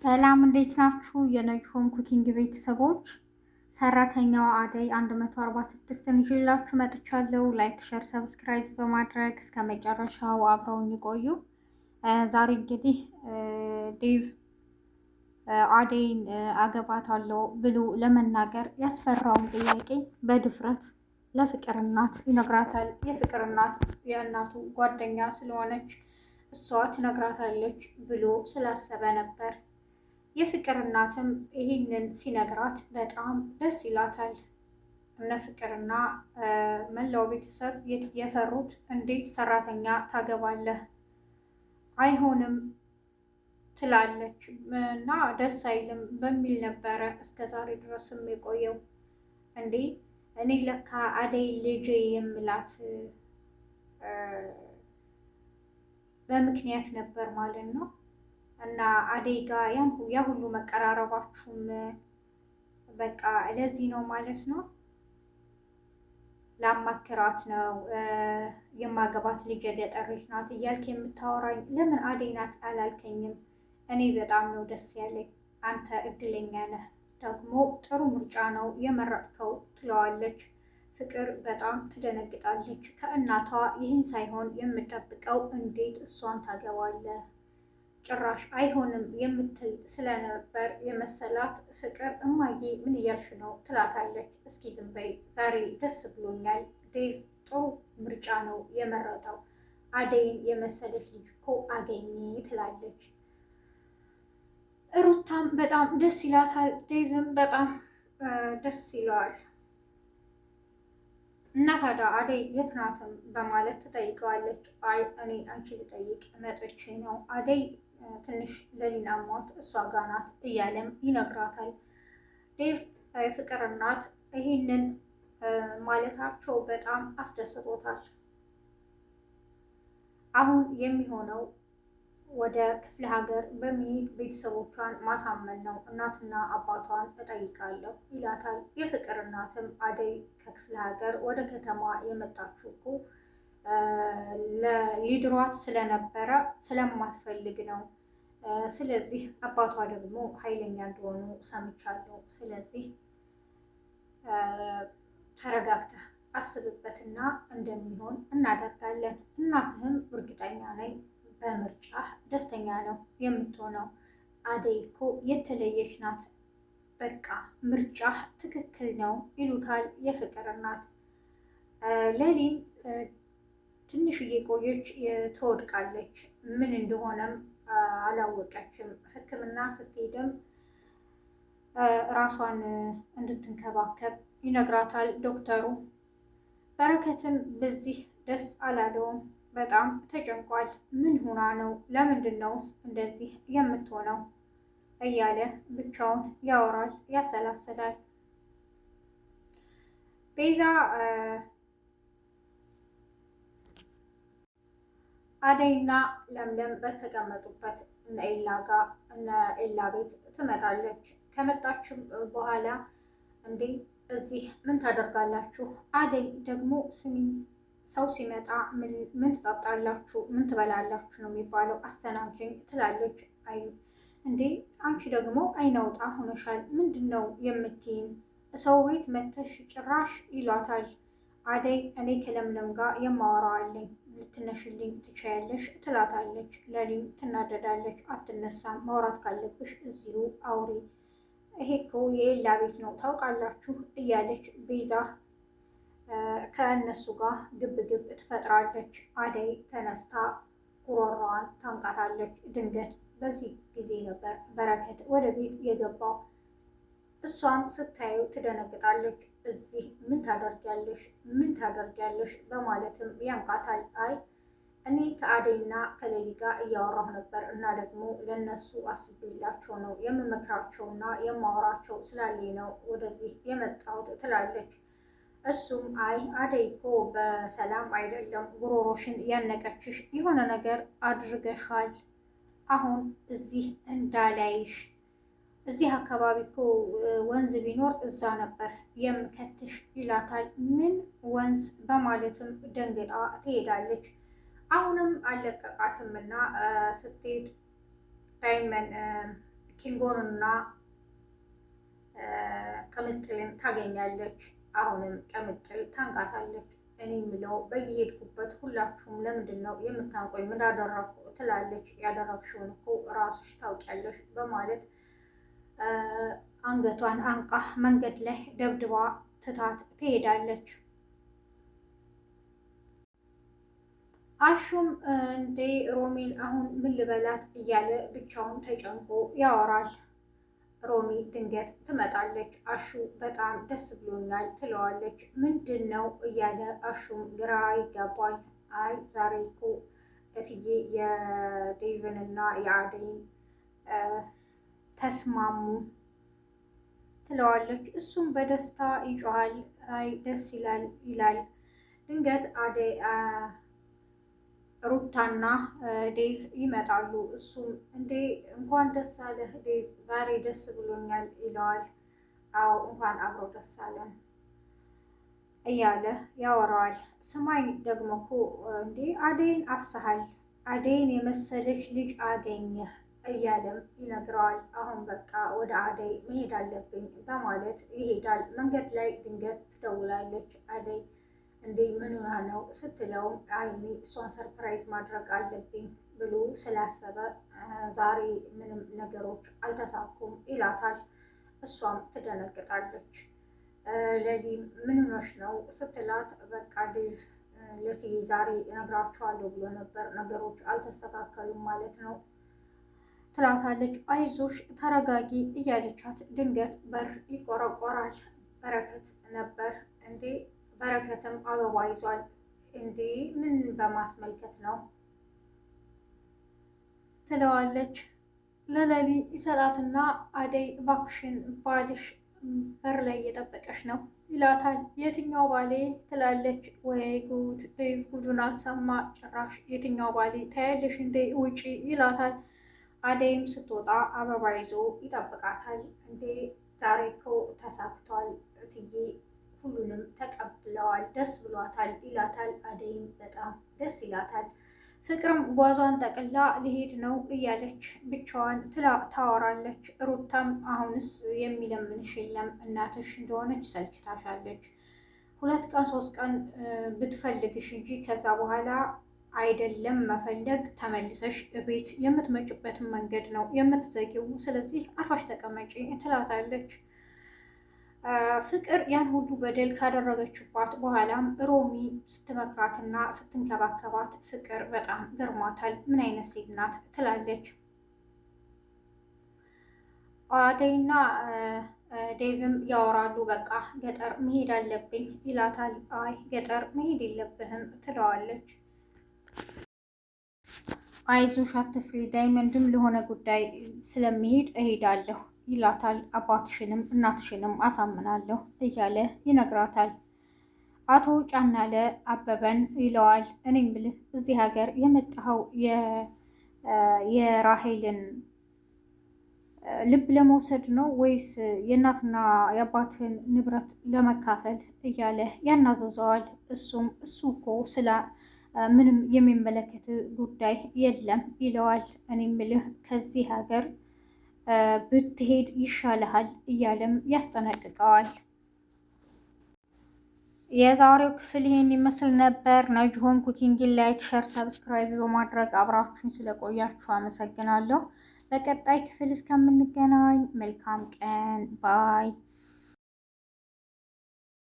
ሰላም እንዴት ናችሁ? የነጂ ሆም ኩኪንግ ቤተሰቦች ሰራተኛዋ አደይ 146ን ይዤላችሁ መጥቻለሁ። ላይክ፣ ሸር፣ ሰብስክራይብ በማድረግ እስከ መጨረሻው አብረውን ይቆዩ። ዛሬ እንግዲህ ዴቭ አደይን አገባታለሁ ብሎ ለመናገር ያስፈራውን ጥያቄ በድፍረት ለፍቅር እናት ይነግራታል። የፍቅር እናት የእናቱ ጓደኛ ስለሆነች እሷ ትነግራታለች ብሎ ስላሰበ ነበር የፍቅር እናትም ይህንን ሲነግራት በጣም ደስ ይላታል። እነ ፍቅርና መላው ቤተሰብ የፈሩት እንዴት ሰራተኛ ታገባለህ? አይሆንም ትላለች እና ደስ አይልም በሚል ነበረ እስከ ዛሬ ድረስም የቆየው። እንዴ እኔ ለካ አደይ ልጄ የምላት በምክንያት ነበር ማለት ነው። እና አደይ ጋ ያን ያ ሁሉ መቀራረባችሁም በቃ ለዚህ ነው ማለት ነው። ላማክራት ነው የማገባት ልጅ የገጠርሽ ናት እያልክ የምታወራኝ ለምን አደይ ናት አላልከኝም? እኔ በጣም ነው ደስ ያለኝ። አንተ እድለኛ ነህ፣ ደግሞ ጥሩ ምርጫ ነው የመረጥከው ትለዋለች። ፍቅር በጣም ትደነግጣለች። ከእናቷ ይህን ሳይሆን የምጠብቀው እንዴት እሷን ታገባለህ ጭራሽ አይሆንም የምትል ስለነበር የመሰላት ፍቅር እማዬ ምን እያልሽ ነው ትላታለች። እስኪ ዝም በይ ዛሬ ደስ ብሎኛል፣ ዴቭ ጥሩ ምርጫ ነው የመረጠው፣ አደይን የመሰለች ልጅ እኮ አገኘ ትላለች። ሩታም በጣም ደስ ይላታል፣ ዴቭም በጣም ደስ ይለዋል። እና ታዲያ አደይ የት ናትም በማለት ትጠይቀዋለች። አይ እኔ አንቺ ልጠይቅ መጥቼ ነው አደይ ትንሽ ለሊና ሟት እሷ ጋር ናት እያለም ይነግራታል። ዴቭ ፍቅር እናት ይህንን ማለታቸው በጣም አስደስቶታል። አሁን የሚሆነው ወደ ክፍለ ሀገር በሚሄድ ቤተሰቦቿን ማሳመን ነው። እናትና አባቷን እጠይቃለሁ ይላታል። የፍቅር እናትም አደይ ከክፍለ ሀገር ወደ ከተማ የመጣችው እኮ ሊድሯት ስለነበረ ስለማትፈልግ ነው ስለዚህ አባቷ ደግሞ ኃይለኛ እንደሆኑ ሰምቻለሁ። ስለዚህ ተረጋግተህ አስብበትና እንደሚሆን እናደርጋለን። እናትህም እርግጠኛ ነኝ በምርጫ ደስተኛ ነው የምትሆነው። አደይ እኮ የተለየች ናት። በቃ ምርጫ ትክክል ነው ይሉታል የፍቅር እናት። ሌሊም ትንሽዬ ቆየች፣ ትወድቃለች። ምን እንደሆነም አላወቀችም። ሕክምና ስትሄድም ራሷን እንድትንከባከብ ይነግራታል ዶክተሩ። በረከትም በዚህ ደስ አላለውም። በጣም ተጨንቋል። ምን ሆና ነው? ለምንድን ነውስ እንደዚህ የምትሆነው? እያለ ብቻውን ያወራል፣ ያሰላስላል። ቤዛ አደይና ለምለም በተቀመጡበት እነ ኤላ እነ ኤላ ቤት ትመጣለች። ከመጣችም በኋላ እንዴ እዚህ ምን ታደርጋላችሁ? አደይ ደግሞ ስሚ፣ ሰው ሲመጣ ምን ትጠጣላችሁ? ምን ትበላላችሁ ነው የሚባለው፣ አስተናግኝ ትላለች። አይ እንዴ አንቺ ደግሞ አይናውጣ ሆነሻል። ምንድን ነው የምትይኝ? ሰው ቤት መተሽ ጭራሽ ይሏታል። አደይ እኔ ከለምለም ጋር የማወራዋለኝ? ልትነሽልኝ ትችያለሽ ትላታለች። ለሊም ትናደዳለች። አትነሳም። ማውራት ካለብሽ እዚሁ አውሪ፣ ይሄ እኮ የሌላ ቤት ነው ታውቃላችሁ እያለች ቤዛ ከእነሱ ጋር ግብግብ ትፈጥራለች። አደይ ተነስታ ጉሮሯዋን ታንቃታለች። ድንገት በዚህ ጊዜ ነበር በረከት ወደ ቤት የገባው። እሷም ስታየው ትደነግጣለች። እዚህ ምን ታደርጊያለሽ? ምን ታደርጊያለሽ? በማለትም ያንቃታል። አይ እኔ ከአደይና ከሌሊ ጋር እያወራሁ ነበር እና ደግሞ ለነሱ አስቤላቸው ነው የምመክራቸውና የማወራቸው ስላለኝ ነው ወደዚህ የመጣሁት ትላለች። እሱም አይ አደይ እኮ በሰላም አይደለም ጉሮሮሽን ያነቀችሽ፣ የሆነ ነገር አድርገሻል። አሁን እዚህ እንዳላይሽ እዚህ አካባቢ እኮ ወንዝ ቢኖር እዛ ነበር የምከትሽ ይላታል። ምን ወንዝ በማለትም ደንግጣ ትሄዳለች። አሁንም አለቀቃትም እና ስትሄድ ዳይመን ኪንጎንና ቅምጥልን ታገኛለች። አሁንም ቅምጥል ታንቃታለች። እኔ የምለው በየሄድኩበት ሁላችሁም ለምንድን ነው የምታንቆኝ? ምን ትላለች። ያደረግሽውን እኮ ራስሽ ታውቂያለሽ በማለት አንገቷን አንቃ መንገድ ላይ ደብድባ ትታት ትሄዳለች። አሹም እንዴ ሮሚን አሁን ምን ልበላት እያለ ብቻውን ተጨንቆ ያወራል። ሮሚ ድንገት ትመጣለች። አሹ በጣም ደስ ብሎኛል ትለዋለች። ምንድን ነው እያለ አሹም ግራ ይገባል? አይ ዛሬ እኮ እትዬ የዴቭንና የአደይን ተስማሙ ትለዋለች። እሱም በደስታ ይጮሃል። አይ ደስ ይላል ይላል። ድንገት አደይ ሩታና ዴቭ ይመጣሉ። እሱም እንዴ እንኳን ደስ አለህ ዴቭ፣ ዛሬ ደስ ብሎኛል ይለዋል። አዎ እንኳን አብሮ ደስ አለን እያለ ያወራዋል። ስማኝ ደግሞ እኮ እንዴ አደይን አፍሰሃል፣ አደይን የመሰለች ልጅ አገኘህ እያለም ይነግረዋል። አሁን በቃ ወደ አደይ መሄድ አለብኝ በማለት ይሄዳል። መንገድ ላይ ድንገት ትደውላለች አደይ። እንዴ ምን ሆና ነው ስትለውም አይኔ እሷን ሰርፕራይዝ ማድረግ አለብኝ ብሎ ስላሰበ ዛሬ ምንም ነገሮች አልተሳኩም ይላታል። እሷም ትደነግጣለች። ለሊም ምን ሆነሽ ነው ስትላት በቃ ዴቭ ለትዬ ዛሬ እነግራቸዋለሁ ብሎ ነበር ነገሮች አልተስተካከሉም ማለት ነው ትላታለች። አይዞሽ ተረጋጊ እያለቻት ድንገት በር ይቆረቆራል። በረከት ነበር እንዴ? በረከትም አበባ ይዟል እንዴ? ምን በማስመልከት ነው ትለዋለች። ለለሊ ይሰጣትና አደይ እባክሽን ባልሽ በር ላይ እየጠበቀች ነው ይላታል። የትኛው ባሌ ትላለች። ወይ ጉድ! ጉዱን አልሰማ ጭራሽ የትኛው ባሌ ታያለሽ እንዴ? ውጪ ይላታል። አደይም ስትወጣ አበባ ይዞ ይጠብቃታል። እንዴ ዛሬ እኮ ተሳክቷል እትዬ ሁሉንም ተቀብለዋል፣ ደስ ብሏታል ይላታል። አደይም በጣም ደስ ይላታል። ፍቅርም ጓዟን ጠቅላ ሊሄድ ነው እያለች ብቻዋን ታወራለች። ሩታም አሁንስ የሚለምንሽ የለም እናትሽ እንደሆነች ሰልችታሻለች። ሁለት ቀን ሶስት ቀን ብትፈልግሽ እንጂ ከዛ በኋላ አይደለም መፈለግ፣ ተመልሰሽ እቤት የምትመጭበትን መንገድ ነው የምትዘጊው። ስለዚህ አርፋሽ ተቀመጪ ትላታለች። ፍቅር ያን ሁሉ በደል ካደረገችባት በኋላም ሮሚ ስትመክራትና ስትንከባከባት ፍቅር በጣም ገርሟታል። ምን አይነት ሴት ናት ትላለች። አደይና ዴቭም ያወራሉ። በቃ ገጠር መሄድ አለብኝ ይላታል። አይ ገጠር መሄድ የለብህም ትለዋለች። አይዞሽ አትፍሪ፣ ዳይመንድም ለሆነ ጉዳይ ስለሚሄድ እሄዳለሁ ይላታል። አባትሽንም እናትሽንም አሳምናለሁ እያለ ይነግራታል። አቶ ጫናለ አበበን ይለዋል። እኔ ምልህ እዚህ ሀገር የመጣኸው የራሄልን ልብ ለመውሰድ ነው ወይስ የእናትና የአባትን ንብረት ለመካፈል እያለ ያናዘዘዋል። እሱም እሱ እኮ ስለ ምንም የሚመለከት ጉዳይ የለም ይለዋል። እኔ ልህ ከዚህ ሀገር ብትሄድ ይሻልሃል እያለም ያስጠነቅቀዋል። የዛሬው ክፍል ይህን ይመስል ነበር። ነጅሆን ኩኪንግን ላይክ፣ ሸር፣ ሰብስክራይብ በማድረግ አብራችሁን ስለቆያችሁ አመሰግናለሁ። በቀጣይ ክፍል እስከምንገናኝ መልካም ቀን ባይ